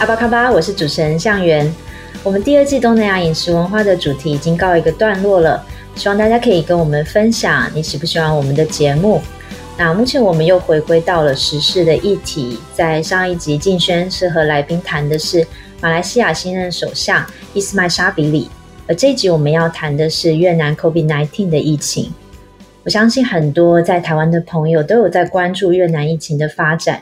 阿峇卡巴，我是主持人向元。我們第二季東南亞飲食文化的主題已經告一個段落了，希望大家可以跟我們分享你喜不喜歡我們的節目。那目前我們又回歸到了時事的議題，在上一集靜軒是和來賓談的是馬來西亞新任首相伊斯邁沙比里，而這一集我們要談的是越南 COVID-19 的疫情。我相信很多在台灣的朋友都有在關注越南疫情的發展。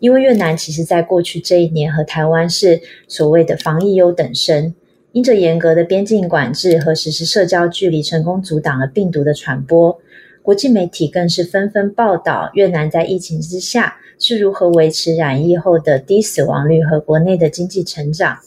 因為越南其實，在過去這一年和台灣是所謂的防疫優等生，因着嚴格的邊境管制和實施社交距離，成功阻擋了病毒的傳播。國際媒體更是紛紛報道越南在疫情之下是如何維持染疫後的低死亡率和國內的經濟成長。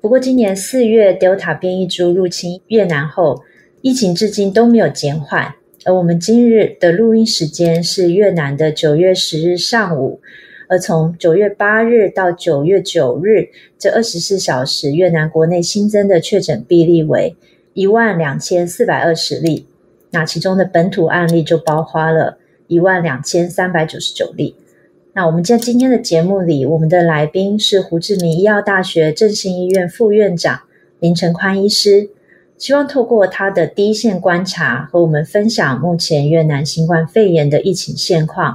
不過，今年四月 Delta 變異株入侵越南後，疫情至今都沒有減緩，而我們今日的錄音時間是越南的九月十日上午。而從九月八日到九月九日這二十四小時，越南國內新增的確診病例為一萬兩千四百二十例，那其中的本土案例就包括了一萬兩千三百九十九例。那我們在今天的節目裡，我們的來賓是胡志明醫藥大學震興醫院副院長林承寬醫師，希望透過他的第一線觀察，和我們分享目前越南新冠肺炎的疫情現況。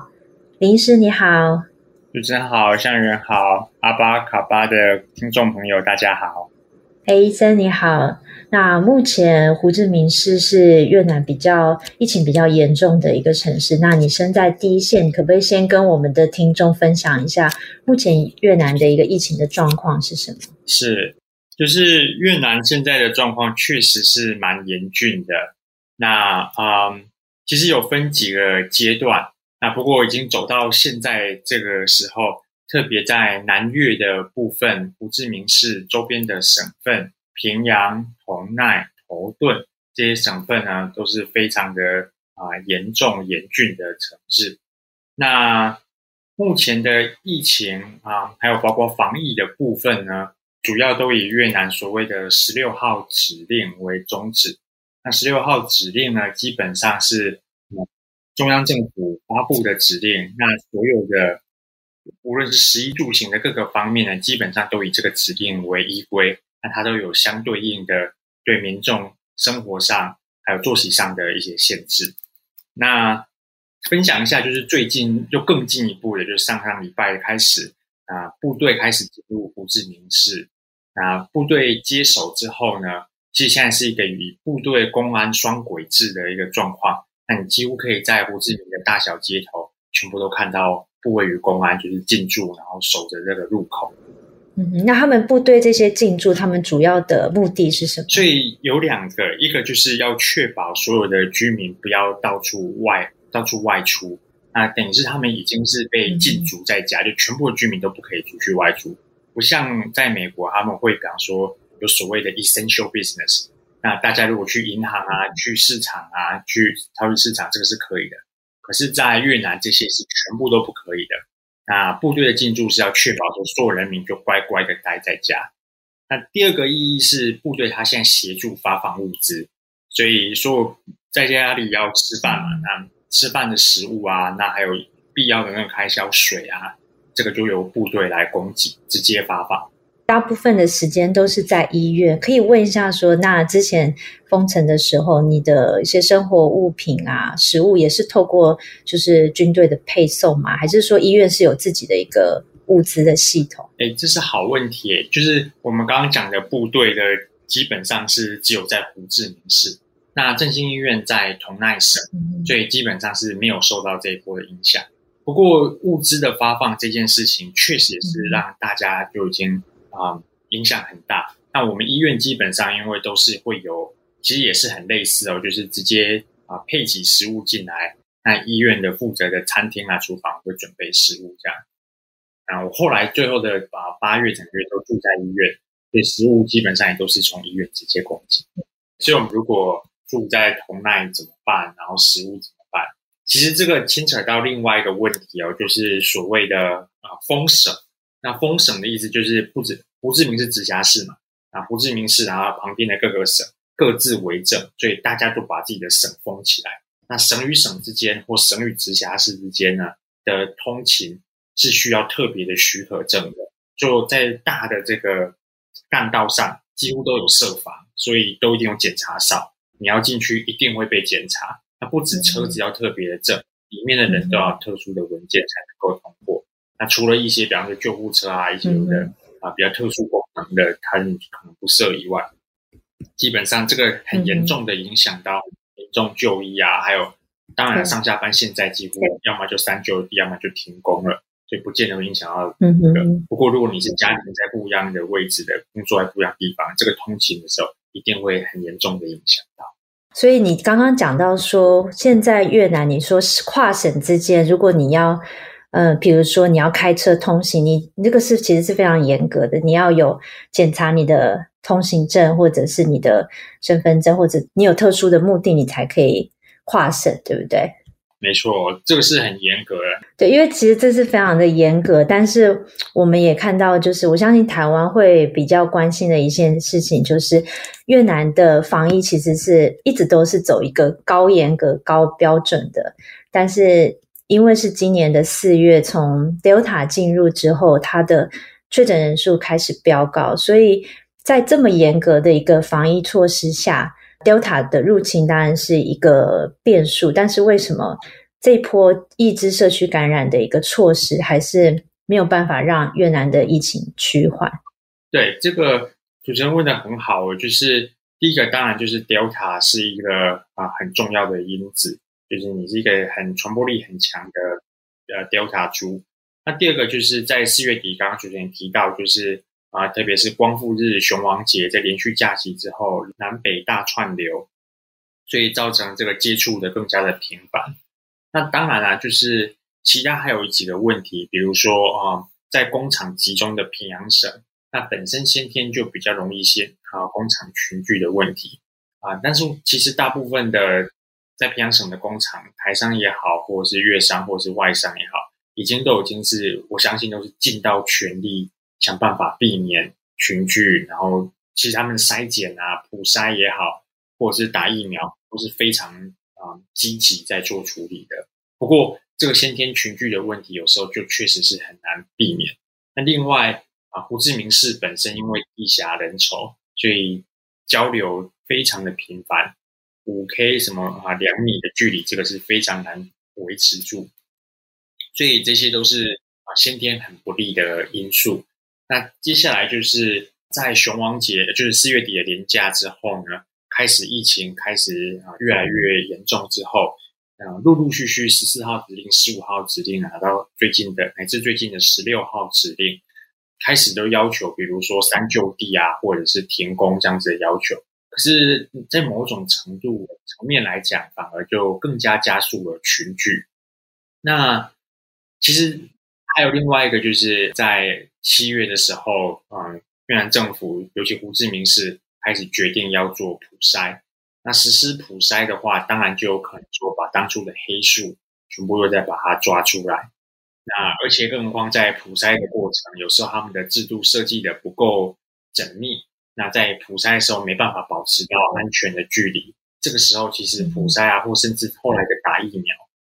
林醫師你好。主持人好，向人好，阿峇卡巴的聽眾朋友大家好。哎，hey，醫生你好。那目前胡志明市是越南比較疫情比較嚴重的一個城市。那你身在第一線，可不可以先跟我們的聽眾分享一下目前越南的一個疫情的狀況是什麼？是，就是越南現在的狀況確實是蠻嚴峻的。那嗯，其實有分幾個階段。那不過已經走到現在這個時候，特別在南越的部分，胡志明市周邊的省份，平陽、同奈、頭頓這些省份呢，都是非常的啊嚴重嚴峻的城市。市那目前的疫情啊，還有包括防疫的部分呢，主要都以越南所謂的十六號指令為宗旨。那十六號指令呢，基本上是。中央政府發布的指令，那所有的無論是食衣住行的各個方面呢，基本上都以這個指令為依歸。那它都有相對應的對民眾生活上還有作息上的一些限制。那分享一下，就是最近又更進一步的，就是上上禮拜開始啊，部隊開始進入胡志明市。啊，部隊接手之後呢，其實現在是一個以部隊公安雙軌制的一個狀況。你幾乎可以在胡志明的大小街頭，全部都看到部隊與公安就是進駐，然後守着這個入口。嗯，那他們部隊這些進駐，他們主要的目的是什麼？所以有兩個，一個就是要確保所有的居民不要到處外到處外出，那等於是他們已經是被禁足在家、嗯，就全部的居民都不可以出去外出。不像在美國，他們會比方說有所謂的 essential business。那大家如果去銀行啊、去市場啊、去超級市場，這個是可以的。可是，在越南這些是全部都不可以的。那部隊的進駐是要確保說所有人民就乖乖的待在家。那第二個意義是，部隊他現在協助發放物資，所以說在家裡要吃飯嘛、啊，那吃飯的食物啊，那還有必要的那個開銷水啊，這個就由部隊來供給，直接發放。大部分的時間都是在醫院。可以問一下說，說那之前封城的時候，你的一些生活物品啊、食物，也是透過就是軍隊的配送嗎？還是說醫院是有自己的一個物資的系統？誒、欸、這是好問題、欸。哎,就是我們剛剛講的部隊的，基本上是只有在胡志明市。那震興醫院在同奈省、嗯，所以基本上是沒有受到這一波的影響。不過物資的發放這件事情，確實也是讓大家就已經。啊、嗯，影響很大。那我們醫院基本上，因為都是會有，其實也是很類似哦，就是直接啊配給食物進來。那醫院的負責的餐廳啊，廚房會準備食物這樣。然後我後來最後的把八月整個月都住在醫院，所以食物基本上也都是從醫院直接供給。所以我們如果住在同奈怎麼辦？然後食物怎麼辦？其實這個牽扯到另外一個問題哦，就是所謂的啊封省。風那封省的意思就是不，不止胡志明是直轄市嘛，啊，胡志明市啊，然後旁邊的各個省各自為政，所以大家都把自己的省封起來。那省與省之間或省與直轄市之間呢的通勤是需要特別的許可證的，就在大的這個幹道上幾乎都有設防，所以都一定有檢查哨，你要進去一定會被檢查。那不止車子要特別的證，裡面的人都要特殊的文件才能夠通過。那除了一些，比方說救護車啊，一些有的啊、mm -hmm. 比較特殊功能的，它可能不設以外，基本上這個很嚴重的影響到嚴重就醫啊，還有當然上下班現在幾乎、okay. 要麼就三就地，okay. 要麼就停工了，okay. 所以不見得會影響到。嗯、mm -hmm. 不過如果你是家庭在不一樣的位置的工作在不一樣的地方，這個通勤的時候一定會很嚴重的影響到。所以你剛剛講到說，現在越南你說是跨省之間，如果你要。嗯，比如說你要開車通行，你你這個是其實是非常嚴格的，你要有檢查你的通行證或者是你的身份證，或者你有特殊的目的，你才可以跨省，對不對？沒錯，這個是很嚴格的。對，因為其實這是非常的嚴格，但是我們也看到，就是我相信台灣會比較關心的一件事情，就是越南的防疫其實是一直都是走一個高嚴格、高標準的，但是。因為是今年的四月，從 Delta 進入之後，它的確診人數開始飆高，所以在這麼嚴格的一個防疫措施下，Delta 的入侵當然是一個變數。但是為什麼這波抑制社區感染的一個措施還是沒有辦法讓越南的疫情趨緩？對，這個主持人問得很好，就是第一個當然就是 Delta 是一個啊很重要的因子。就是你是一個很傳播力很強的呃 Delta 株。那第二個就是在四月底剛剛主持人提到，就是啊、呃，特別是光復日、雄王節在連續假期之後，南北大串流，所以造成這個接觸的更加的頻繁、嗯。那當然啦、啊，就是其他還有一幾個問題，比如說啊、呃，在工廠集中的平陽省，那本身先天就比較容易一些啊工廠群聚的問題啊。但是其實大部分的。在平陽省的工廠，台商也好，或者是粵商，或者是外商也好，已經都已經是我相信都是盡到全力想辦法，避免群聚，然後其實他們篩檢啊、普篩也好，或者是打疫苗，都是非常啊、呃、積極在做處理的。不過這個先天群聚的問題，有時候就確實是很難避免。那另外啊，胡志明市本身因為地狹人稠，所以交流非常的頻繁。五 K 什麼啊？兩米的距離，這個是非常難維持住，所以這些都是啊先天很不利的因素。那接下來就是在雄王節，就是四月底的連假之後呢，開始疫情開始啊越來越嚴重之後，啊陸陸續續十四號指令、十五號指令、啊，拿到最近的乃至最近的十六號指令，開始都要求，比如說三就地啊，或者是停工這樣子的要求。可是，在某種程度層面來講，反而就更加加速了群聚。那其實還有另外一個，就是在七月的時候，嗯，越南政府，尤其胡志明市開始決定要做普篩。那實施普篩的話，當然就有可能說把當初的黑數全部又再把它抓出來。那而且更何況在普篩的過程，有時候他們的制度設計的不夠縝密。那在普篩的時候沒辦法保持到安全的距離，這個時候其實普篩啊，或甚至後來的打疫苗，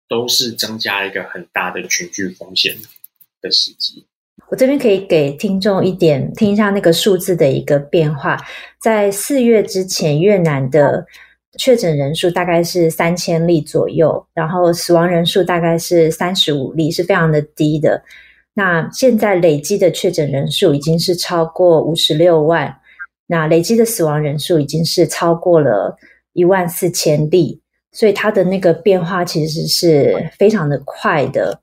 都是增加了一個很大的群聚風險的時機。我這邊可以給聽眾一點聽一下那個數字的一個變化，在四月之前，越南的確診人數大概是三千例左右，然後死亡人數大概是三十五例，是非常的低的。那現在累積的確診人數已經是超過五十六萬。那累積的死亡人數已經是超過了一萬四千例，所以它的那個變化其實是非常的快的。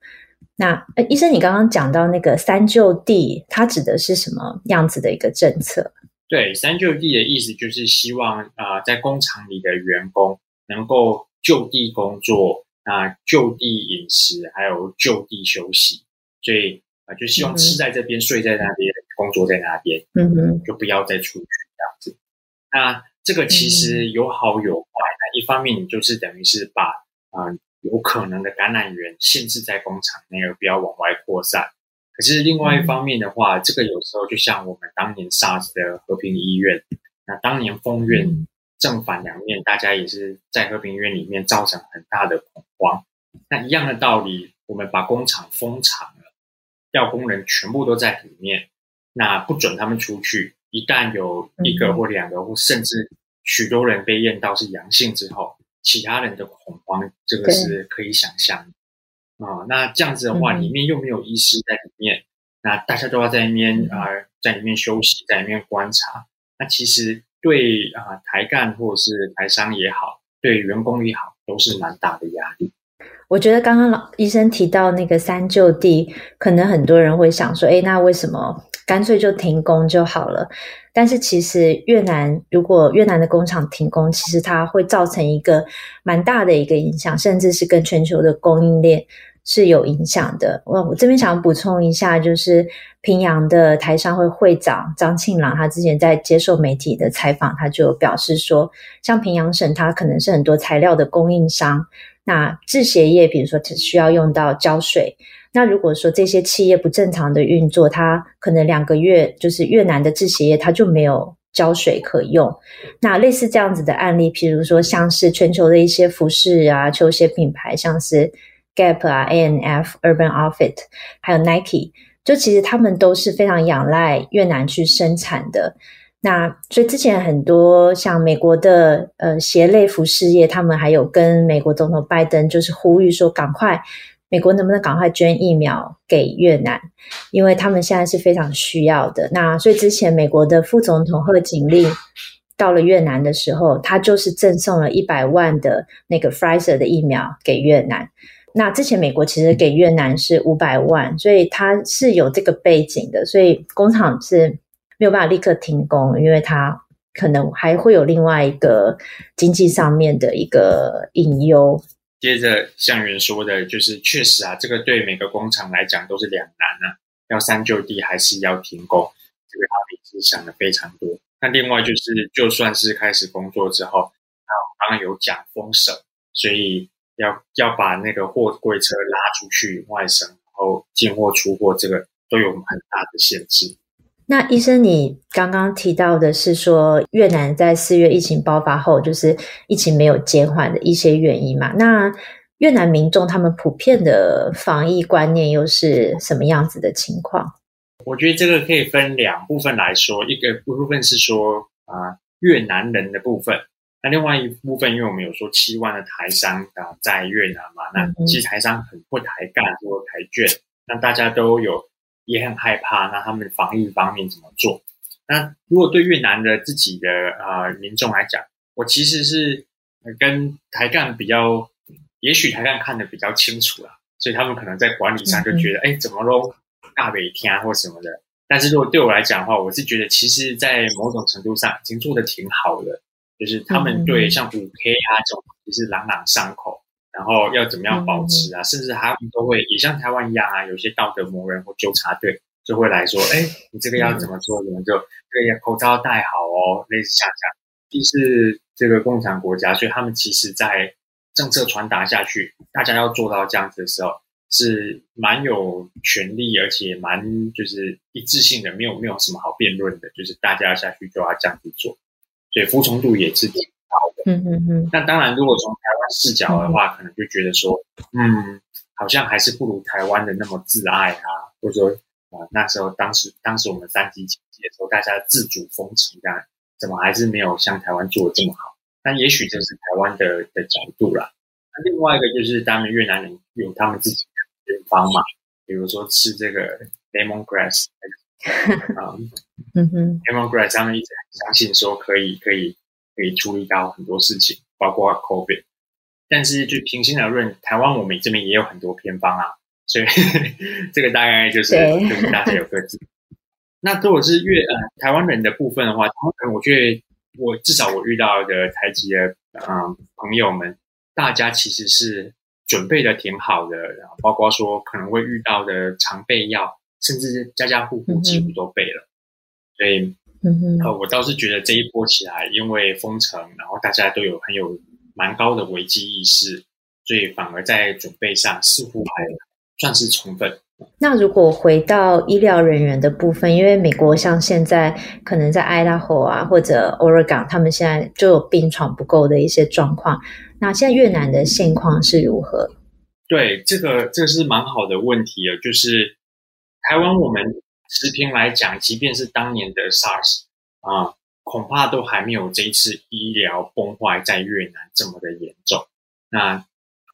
那呃，醫生，你剛剛講到那個“三就地”，它指的是什麼樣子的一個政策？對，“三就地”的意思就是希望啊、呃，在工廠裡的員工能夠就地工作，啊、呃，就地飲食，還有就地休息，所以啊、呃，就希望吃在這邊，嗯、睡在那邊。工作在那邊，嗯，就不要再出去這樣子。那這個其實有好有壞。那一方面，你就是等於是把啊、呃、有可能的感染源限制在工廠內，而不要往外擴散。可是另外一方面的話、嗯，這個有時候就像我們當年 SARS 的和平醫院，那當年封院、嗯、正反兩面，大家也是在和平醫院裡面造成很大的恐慌。那一樣的道理，我們把工廠封廠了，要工人全部都在裡面。那不准他們出去。一旦有一個或兩個，嗯、或甚至許多人被驗到是陽性之後，其他人的恐慌，這個是可以想象的。啊、嗯，那這樣子的話，裡面又沒有醫師在裡面，嗯、那大家都要在裡面啊，在裡面休息，在裡面觀察。那其實對啊、呃，台幹或者是台商也好，對員工也好，都是蠻大的壓力。我覺得剛剛老醫生提到那個三就地，可能很多人會想說，誒，那為什麼？乾脆就停工就好了。但是其實越南，如果越南的工廠停工，其實它會造成一個蠻大的一個影響，甚至是跟全球的供應鏈是有影響的。我我這邊想要補充一下，就是平陽的台商會會長張慶朗，他之前在接受媒體的採訪，他就表示說，像平陽省，它可能是很多材料的供應商，那製鞋業，比如說只需要用到膠水。那如果說這些企業不正常的運作，它可能兩個月就是越南的製鞋業，它就沒有膠水可用。那類似這樣子的案例，譬如說像是全球的一些服飾啊、球鞋品牌，像是 Gap 啊、A&F、Urban Outfit，還有 Nike，就其實他們都是非常仰賴越南去生產的。那所以之前很多像美國的呃鞋類服飾業，他們還有跟美國總統拜登就是呼籲說，趕快。美國能不能趕快捐疫苗給越南？因為他們現在是非常需要的。那所以之前美國的副總統賀錦麗到了越南的時候，他就是贈送了一百萬的那個 Pfizer 的疫苗給越南。那之前美國其實給越南是五百萬，所以它是有這個背景的。所以工廠是沒有辦法立刻停工，因為它可能還會有另外一個經濟上面的一個隱憂。接着，像元說的，就是確實啊，這個對每個工廠來講都是兩難啊，要三就地還是要停工，這個他平時想的非常多。那另外就是，就算是開始工作之後，那剛剛有講封省，所以要要把那個貨櫃車拉出去外省，然後進貨出貨，這個都有很大的限制。那醫生，你剛剛提到的是說越南在四月疫情爆發後，就是疫情沒有減緩的一些原因嘛？那越南民眾他們普遍的防疫觀念又是什麼樣子的情況？我覺得這個可以分兩部分來說，一個部分是說啊越南人的部分，那另外一部分，因為我們有說七萬的台商啊在越南嘛，那其實台商很不台幹，或台眷，那大家都有。也很害怕，那他們防疫方面怎麼做？那如果對越南的自己的啊、呃、民眾來講，我其實是跟台幹比較，也許台幹看得比較清楚啦，所以他們可能在管理上就覺得，哎、嗯嗯，怎麼都大北天啊或什麼的。但是如果對我來講的話，我是覺得，其實，在某種程度上已經做得挺好的，就是他們對像五 K 啊這種，其實朗朗上口。嗯嗯嗯然後要怎麼樣保持啊？嗯嗯甚至他們都會也像台灣一樣啊，有些道德魔人或糾察隊就會來說：“哎，你這個要怎麼做？”你們就對口罩戴好哦，類似這樣。一是這個共產國家，所以他們其實在政策傳達下去，大家要做到這樣子的時候，是蠻有權力，而且蠻就是一致性的，沒有沒有什麼好辯論的，就是大家要下去就要這樣子做，所以服從度也是。己。好的嗯嗯嗯。那當然，如果從台灣視角的話嗯嗯，可能就覺得說，嗯，好像還是不如台灣的那麼自愛啊，或者說，啊，那時候當時當時我們三級警戒的時候，大家自主封城，但怎麼還是沒有像台灣做的這麼好？但也許這是台灣的的角度啦。那另外一個就是，當然越南人有他們自己的偏方嘛，比如說吃這個 lemongrass，啊、那個，嗯哼、嗯、，lemongrass、嗯嗯、他們一直很相信說可以可以。可以注意到很多事情，包括 COVID，但是就平心而論，嗯、台灣我們這邊也有很多偏方啊，所以呵呵這個大概就是就是大家有各自。 那如果是越呃台灣人的部分的話，我覺得我至少我遇到的台籍的嗯、呃、朋友們，大家其實是準備的挺好的，包括說可能會遇到的常備藥，甚至家家戶戶幾乎都備了，嗯、所以。嗯哼、啊，我倒是覺得這一波起來，因為封城，然後大家都有很有蠻高的危機意識，所以反而在準備上似乎還算是充分。那如果回到醫療人員的部分，因為美國像現在可能在愛達荷啊或者俄勒岡，他們現在就有病床不夠的一些狀況。那現在越南的現況是如何？嗯、對，這個這個、是蠻好的問題啊，就是台灣我們。持平來講，即便是當年的 SARS 啊，恐怕都還沒有這一次醫療崩壞在越南這麼的嚴重。那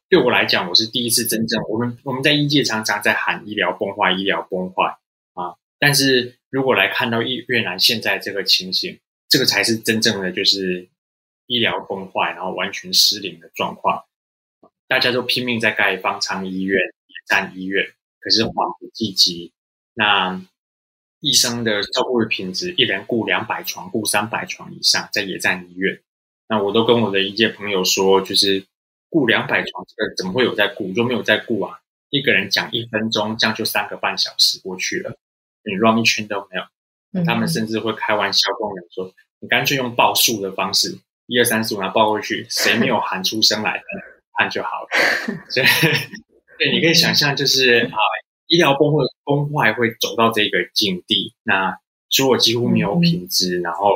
對我來講，我是第一次真正我們我們在醫界常常在喊醫療崩壞、醫療崩壞啊，但是如果來看到越越南現在這個情形，這個才是真正的就是醫療崩壞，然後完全失靈的狀況。大家都拼命在蓋方艙醫院、野戰醫院，可是緩不濟急。那醫生的照顧的品質，一人顧兩百床，顧三百床以上，也在野戰醫院。那我都跟我的一些朋友說，就是顧兩百床，這個怎麼會有在顧？就沒有在顧啊！一個人講一分鐘，這樣就三個半小時過去了，你 round 一圈都沒有。Mm -hmm. 他們甚至會開玩笑，跟我講說：“你乾脆用報數的方式，一二三四五，拿報過去，誰沒有喊出聲來的，喊就好了。 ”所以， 對，你可以想象，就是啊，mm -hmm. 醫療崩潰。公壞會走到這個境地，那所以我幾乎沒有品質、嗯嗯，然後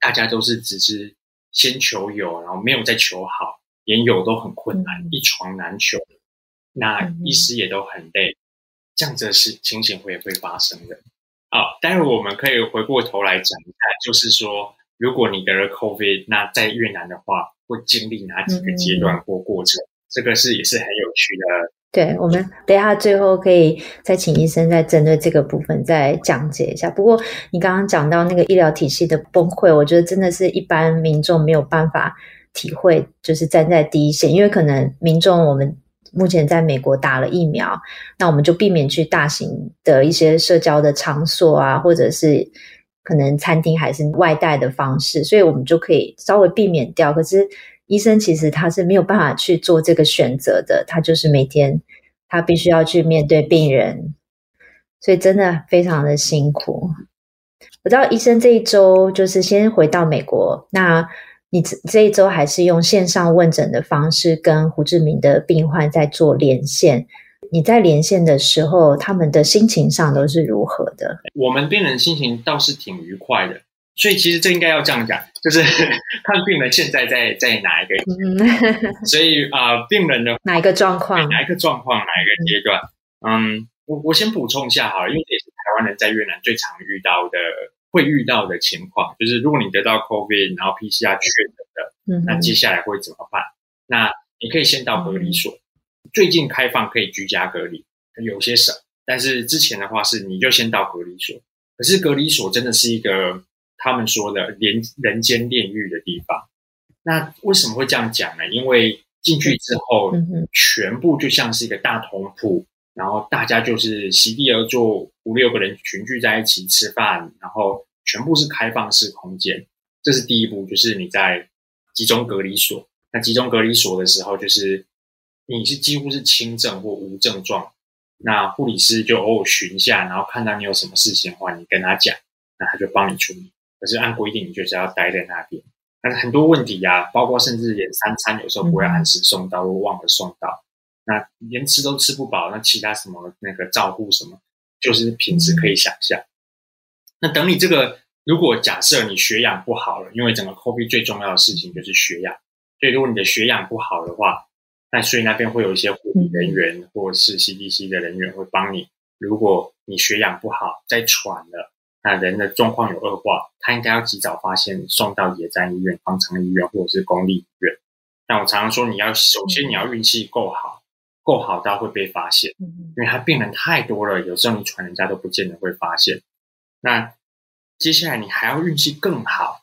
大家都是只是先求有，然後沒有再求好，連有都很困難，嗯、一床難求，那醫師也都很累，這樣子是情形會也會發生的。好、啊、待會我們可以回過頭來講一下，就是說，如果你得了 COVID，那在越南的話會經歷哪幾個階段或過程？嗯嗯嗯這個是也是很有趣的。對，我們等一下最後可以再請醫生再針對這個部分再講解一下。不過你剛剛講到那個醫療體系的崩潰，我覺得真的是一般民眾沒有辦法體會，就是站在第一線，因為可能民眾我們目前在美國打了疫苗，那我們就避免去大型的一些社交的場所啊，或者是可能餐廳還是外帶的方式，所以我們就可以稍微避免掉。可是。醫生其實他是沒有辦法去做這個選擇的，他就是每天他必須要去面對病人，所以真的非常的辛苦。我知道醫生這一周就是先回到美國，那你這這一周還是用線上問診的方式跟胡志明的病患在做連線，你在連線的時候，他們的心情上都是如何的？我們病人心情倒是挺愉快的。所以其實這應該要這樣講，就是看病人現在在在哪一個階段，嗯，所以啊、呃，病人的哪一個狀況，哪一個狀況，哪一個階段，嗯，我、嗯、我先補充一下好了，因為也是台灣人在越南最常遇到的，會遇到的情況，就是如果你得到 COVID，然後 PCR 確診的，那接下來會怎麼辦？那你可以先到隔離所，嗯，最近開放可以居家隔離，有些省，但是之前的話是你就先到隔離所，可是隔離所真的是一個。他們說的“人人間煉獄”的地方，那為什麼會這樣講呢？因為進去之後，全部就像是一個大通鋪，然後大家就是席地而坐，五六個人群聚在一起吃飯，然後全部是開放式空間。這是第一步，就是你在集中隔離所。那集中隔離所的時候，就是你是幾乎是輕症或無症狀，那護理師就偶爾巡一下，然後看到你有什麼事情的話，你跟他講，那他就幫你處理。可是按規定你就是要待在那邊，但是很多問題啊，包括甚至連三餐有時候不會按時送到，或、嗯、忘了送到。那連吃都吃不飽，那其他什麼那個照顧什麼，就是平時可以想象、嗯。那等你這個，如果假設你血氧不好了，因為整個 COVID 最重要的事情就是血氧，所以如果你的血氧不好的話，那所以那邊會有一些護理人員或者是 CDC 的人員會幫你。嗯、如果你血氧不好，在喘了，那人的狀況有惡化，他應該要及早發現，送到野戰醫院、方艙醫院或者是公立醫院。但我常常說，你要首先你要運氣夠好，夠好到會被發現，因為他病人太多了，有時候你傳人家都不見得會發現。那接下來你還要運氣更好，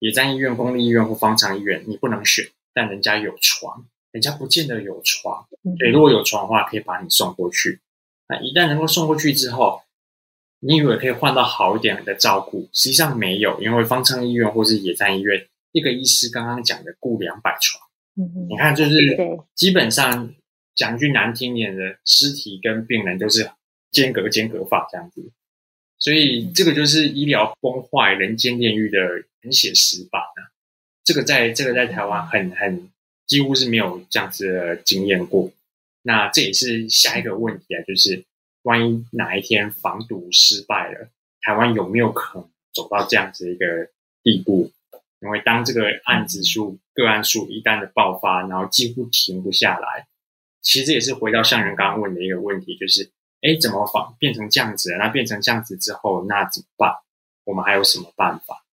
野戰醫院、公立醫院或方艙醫院，你不能選，但人家有床，人家不見得有床。對，如果有床的話，可以把你送過去。那一旦能夠送過去之後，你以為可以換到好一點的照顧，實際上沒有，因為方艙醫院或是野戰醫院，一個醫師剛剛講的顧兩百床，嗯、你看就是基本上講句難聽點的對對，屍體跟病人都是間隔間隔法這樣子，所以這個就是醫療崩壞、人間煉獄的很寫實版啊。這個在這個在台灣很很幾乎是沒有這樣子的經驗過。那這也是下一個問題啊，就是。萬一哪一天防堵失敗了，台灣有沒有可能走到這樣子一個地步？因為當這個案子數個案數一旦的爆發，然後幾乎停不下來，其實也是回到向仁剛剛問的一個問題，就是：哎、欸，怎麼防變成這樣子？那變成這樣子之後，那怎麼辦？我們還有什麼辦法？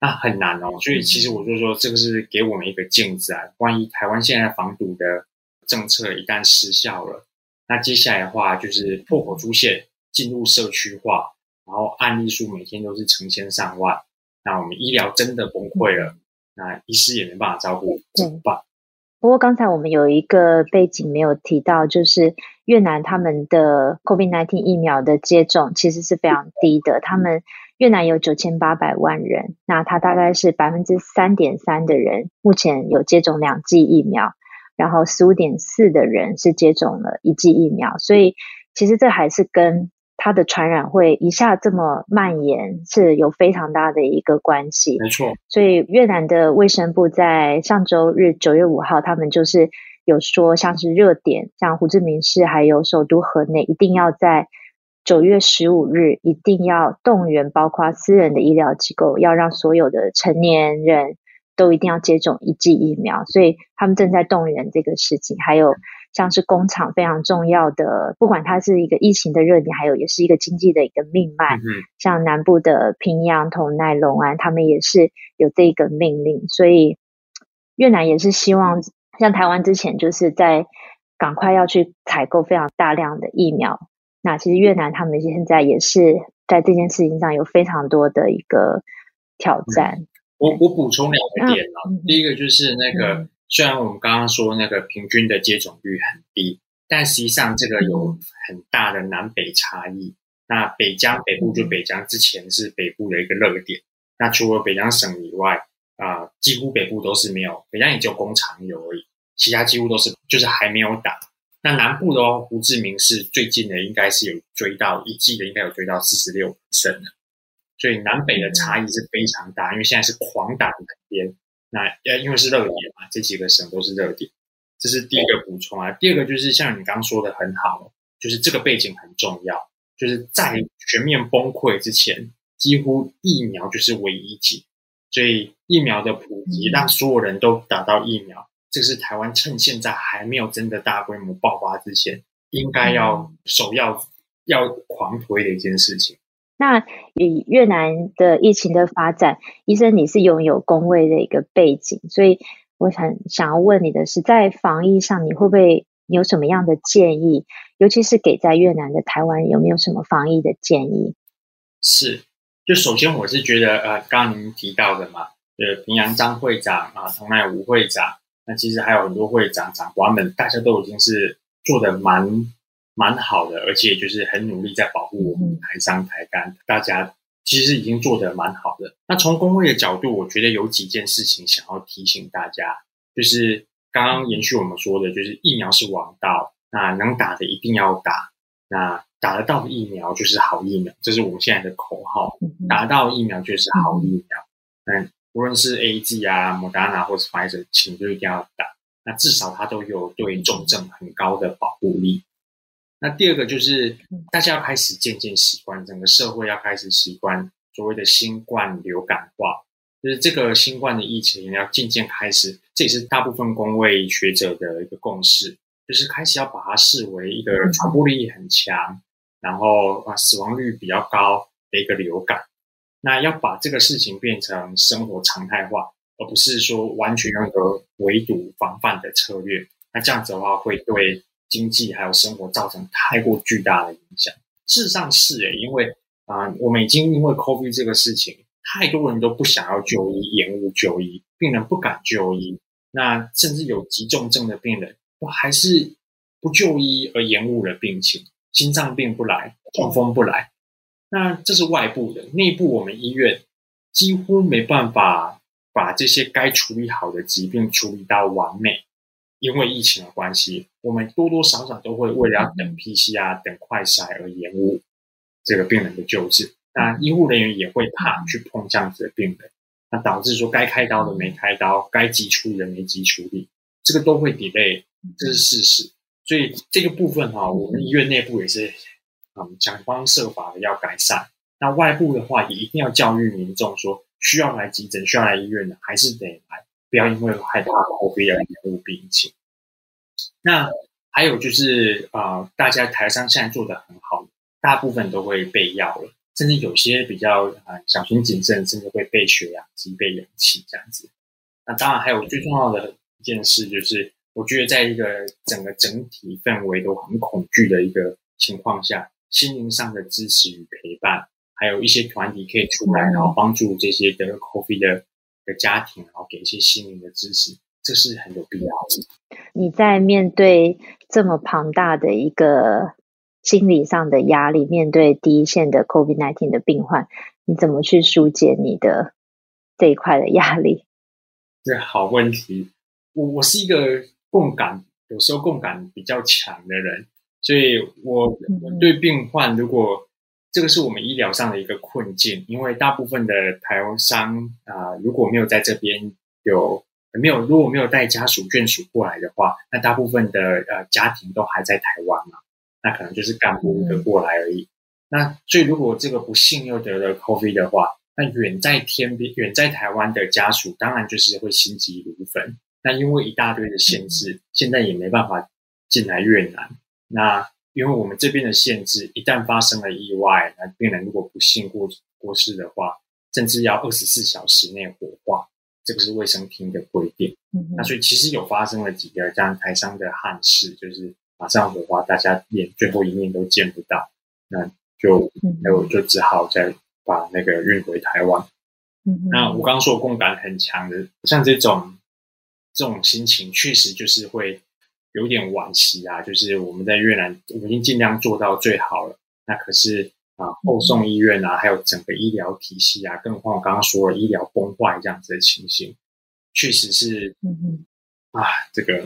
那很難哦。所以其實我就說，這個是給我們一個鏡子啊。萬一台灣現在防堵的政策一旦失效了，那接下來的話就是破口出現，進入社區化，然後案例數每天都是成千上萬。那我們醫療真的崩潰了，嗯、那醫師也沒辦法照顧、嗯，怎麼辦？不過剛才我們有一個背景沒有提到，就是越南他們的 COVID-19 疫苗的接種其實是非常低的。他們越南有九千八百萬人，那他大概是百分之三點三的人目前有接種兩劑疫苗。然後十五點四的人是接種了一劑疫苗，所以其實這還是跟它的傳染會一下這麼蔓延是有非常大的一個關係。沒錯，所以越南的衛生部在上周日九月五號，他們就是有說像是熱點，像胡志明市還有首都河內，一定要在九月十五日一定要動員，包括私人的醫療機構，要讓所有的成年人。都一定要接種一劑疫苗，所以他們正在動員這個事情。還有像是工廠，非常重要的，不管它是一個疫情的熱點，還有也是一個經濟的一個命脈。嗯，像南部的平陽同奈隆安，他們也是有這個命令，所以越南也是希望像台灣之前就是在趕快要去採購非常大量的疫苗。那其實越南他們現在也是在這件事情上有非常多的一個挑戰。我我補充兩個點了，第一個就是那個，雖然我們剛剛說那個平均的接種率很低，但實際上這個有很大的南北差異。那北江北部就北江之前是北部的一個熱點，那除了北江省以外，啊、呃，幾乎北部都是沒有，北江也只有工廠有而已，其他幾乎都是就是還沒有打。那南部的哦，胡志明市最近的應該是有追到，一季的應該有追到四十六了。所以南北的差異是非常大，嗯，因為現在是狂打的南邊，那因為是熱點嘛，這幾個省都是熱點。這是第一個補充啊。嗯、第二個就是像你剛剛說的很好，就是這個背景很重要，就是在全面崩潰之前，幾乎疫苗就是唯一解。所以疫苗的普及，讓、嗯、所有人都打到疫苗，這是台灣趁現在還沒有真的大規模爆發之前，應該要首要、嗯、要狂推的一件事情。那以越南的疫情的發展，醫生你是擁有公衛的一個背景，所以我想想要問你的是，在防疫上你會不會有什麼樣的建議？尤其是給在越南的台灣有沒有什麼防疫的建議？是，就首先我是覺得呃，剛您提到的嘛，呃、就是，平陽張會長啊，同奈吳會長，那其實還有很多會長長官們，大家都已經是做的蠻。蠻好的，而且就是很努力在保護我們台商台幹，大家其實已經做得蠻好的。那從工會的角度，我覺得有幾件事情想要提醒大家，就是剛剛延續我們說的，就是疫苗是王道，那能打的一定要打，那打得到的疫苗就是好疫苗，這是我們現在的口號。打得到的疫苗就是好疫苗，嗯，無論是 AZ 啊、莫達納或是 Pfizer，請就一定要打。那至少它都有對重症很高的保護力。那第二個就是，大家要開始漸漸習慣，整個社會要開始習慣所謂的新冠流感化，就是這個新冠的疫情要漸漸開始，這也是大部分公衛學者的一個共識，就是開始要把它視為一個傳播力很強，然後啊死亡率比較高的一個流感。那要把這個事情變成生活常態化，而不是說完全用一個圍堵防範的策略。那這樣子的話，會對經濟還有生活造成太過巨大的影響，事實上是誒，因為啊、呃，我們已經因為 COVID 這個事情，太多人都不想要就醫，延誤就醫，病人不敢就醫，那甚至有急重症的病人，我還是不就醫而延誤了病情，心臟病不來，中風不來，那這是外部的，內部我們醫院幾乎沒辦法把這些該處理好的疾病處理到完美。因為疫情的關係，我們多多少少都會為了要等 PCR 等快篩而延誤這個病人的救治。那醫護人員也會怕去碰這樣子的病人，那導致說該開刀的沒開刀，該急處理的沒急處理。這個都會 delay，這是事實。所以這個部分哈、啊，我們醫院內部也是嗯想方設法的要改善。那外部的話，也一定要教育民眾說，需要來急診、需要來醫院的還是得來。不要因為害怕 COVID 而延誤病情。那還有就是啊、呃，大家台商現在做的很好，大部分都會備藥了，甚至有些比較啊小心謹慎，甚至會備血氧機、備氧氣這樣子。那當然還有最重要的一件事，就是我覺得在一個整個整體氛圍都很恐懼的一個情況下，心靈上的支持與陪伴，還有一些團體可以出來，然後幫助這些得了 COVID 的。的家庭，然後給一些心靈的支持，這是很有必要的。你在面對這麼龐大的一個心理上的壓力，面對第一線的 COVID-19 的病患，你怎麼去疏解你的這一塊的壓力？是好問題。我我是一個共感，有時候共感比較強的人，所以我嗯嗯我對病患如果。這個是我們醫療上的一個困境，因為大部分的台灣商啊、呃，如果沒有在這邊有沒有，如果沒有帶家屬眷屬過來的話，那大部分的呃家庭都還在台灣嘛，那可能就是幹部的過來而已。嗯、那所以如果這個不幸又得了 COVID 的話，那遠在天邊、遠在台灣的家屬，當然就是會心急如焚。那因為一大堆的限制、嗯，現在也沒辦法進來越南。那。因為我們這邊的限制，一旦發生了意外，那病人如果不幸過過世的話，甚至要二十四小時內火化，這個是衛生廳的規定。嗯、那所以其實有發生了幾個像台商的憾事，就是馬上火化，大家連最後一面都見不到，那就、嗯、那我就只好再把那個運回台灣。嗯、那我剛,剛說共感很強的，像這種這種心情，確實就是會。有點惋惜啊，就是我們在越南，我們已經盡量做到最好了。那可是啊，後送醫院啊，還有整個醫療體系啊，更何況我剛剛說的醫療崩壞這樣子的情形，確實是，啊，這個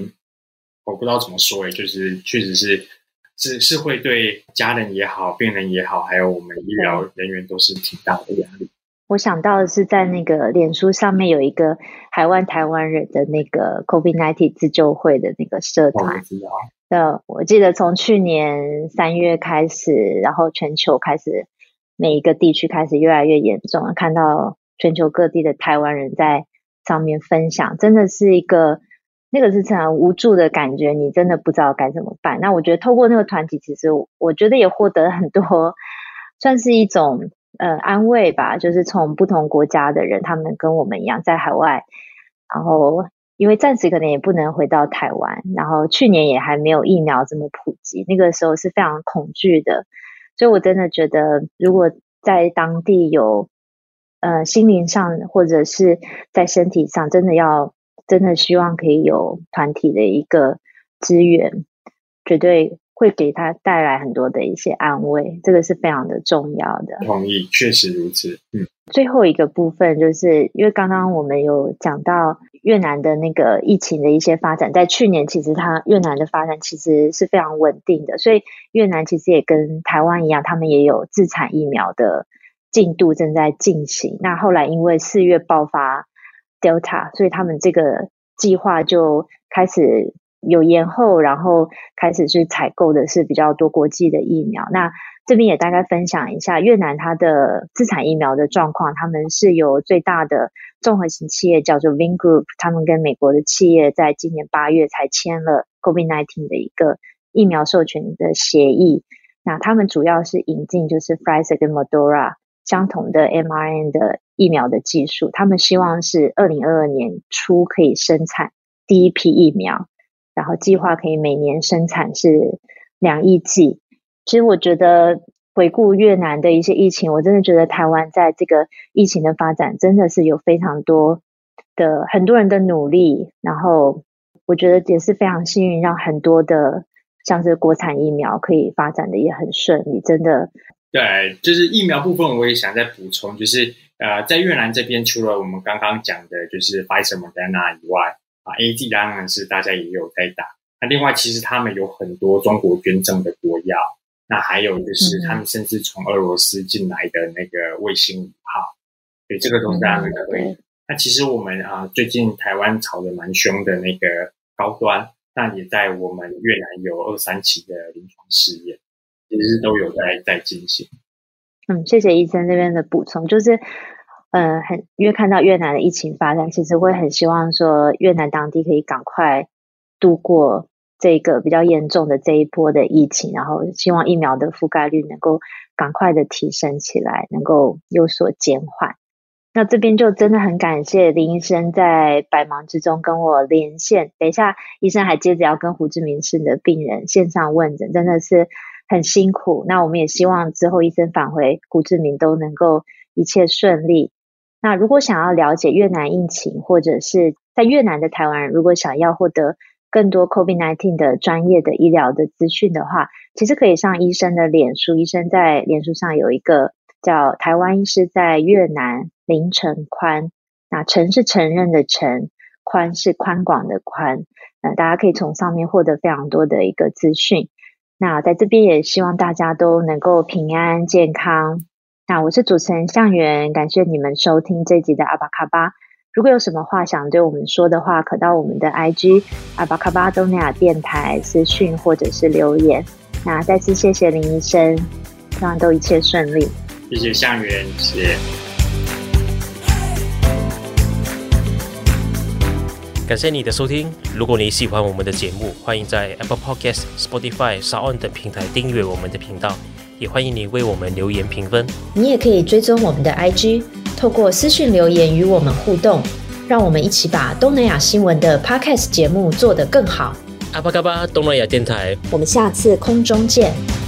我不知道怎麼說誒，就是，確實是，是，是會對家人也好，病人也好，還有我們醫療人員都是挺大的壓力。我想到的是，在那個臉書上面有一個台灣台灣人的那個 COVID-19 自救會的那個社團，啊。對，我記得從去年三月開始，然後全球開始每一個地區開始越來越嚴重，看到全球各地的台灣人在上面分享，真的是一個那個是非常無助的感覺，你真的不知道該怎麼辦。那我覺得透過那個團體，其實我覺得也獲得了很多，算是一種。呃，安慰吧，就是從不同國家的人，他們跟我們一樣在海外，然後因為暫時可能也不能回到台灣，然後去年也還沒有疫苗這麼普及，那個時候是非常恐懼的，所以我真的覺得，如果在當地有呃心靈上或者是在身體上，真的要真的希望可以有團體的一個支援，絕對。會給他帶來很多的一些安慰，這個是非常的重要的。同意，確實如此。嗯，最後一個部分就是因為剛剛我們有講到越南的那個疫情的一些發展，在去年其實它越南的發展其實是非常穩定的，所以越南其實也跟台灣一樣，他們也有自產疫苗的進度正在進行。那後來因為四月爆發 Delta，所以他們這個計劃就開始有延後，然後開始去採購的是比較多國際的疫苗。那這邊也大概分享一下越南它的自產疫苗的狀況。他們是由最大的綜合型企業叫做 Vin Group，他們跟美國的企業在今年八月才簽了 COVID-19 的一個疫苗授權的協議。那他們主要是引進就是 Pfizer 跟 Moderna 相同的 mRNA 的疫苗的技術，他們希望是二零二二年初可以生產第一批疫苗。然後計劃可以每年生產是兩億劑。其實我覺得回顧越南的一些疫情，我真的覺得台灣在這個疫情的發展真的是有非常多的很多人的努力。然後我覺得也是非常幸運，讓很多的像是國產疫苗可以發展的也很順利。你真的。對，就是疫苗部分我也想再補充，就是呃，在越南這邊除了我們剛剛講的就是 Pfizer Moderna 以外。啊，A G 當然是大家也有在打。那另外，其實他們有很多中國捐贈的國藥，那還有就是他們甚至從俄羅斯進來的那個衛星五號，所以這個東西當然可以。那其實我們啊，最近台灣吵得蠻兇的那個高端，那也在我們越南有二三期的臨床試驗，其實都有在在進行。嗯，謝謝醫生這邊的補充，就是。嗯，很，因為看到越南的疫情發展，其實會很希望說越南當地可以趕快度過這個比較嚴重的這一波的疫情，然後希望疫苗的覆蓋率能夠趕快的提升起來，能夠有所減緩。那這邊就真的很感謝林醫生在百忙之中跟我連線。等一下，醫生還接着要跟胡志明市的病人線上問診，真的是很辛苦。那我們也希望之後醫生返回胡志明都能夠一切順利。那如果想要了解越南疫情，或者是在越南的台灣人，如果想要獲得更多 COVID-19 的專業的醫療的資訊的話，其實可以上醫生的臉書。醫生在臉書上有一個叫“台灣醫師在越南林承寬”，那承是承“承”是承認的“承”，“寬”是寬廣的“寬”。那大家可以從上面獲得非常多的一個資訊。那在這邊也希望大家都能夠平安健康。那我是主持人向元，感謝你們收聽這集的阿峇卡巴。如果有什麼話想對我們說的話，可到我們的 IG 阿峇卡巴東南亞電台私訊或者是留言。那再次謝謝林醫生，希望都一切順利。謝謝向元，謝謝。感謝你的收聽。如果你喜歡我們的節目，歡迎在 Apple Podcast、Spotify、SoundOn 等平台訂閱我們的頻道。也歡迎你為我們留言評分，你也可以追蹤我們的 IG，透過私訊留言與我們互動，讓我們一起把東南亞新聞的 Podcast 節目做得更好。阿峇卡巴東南亞電台，我們下次空中見。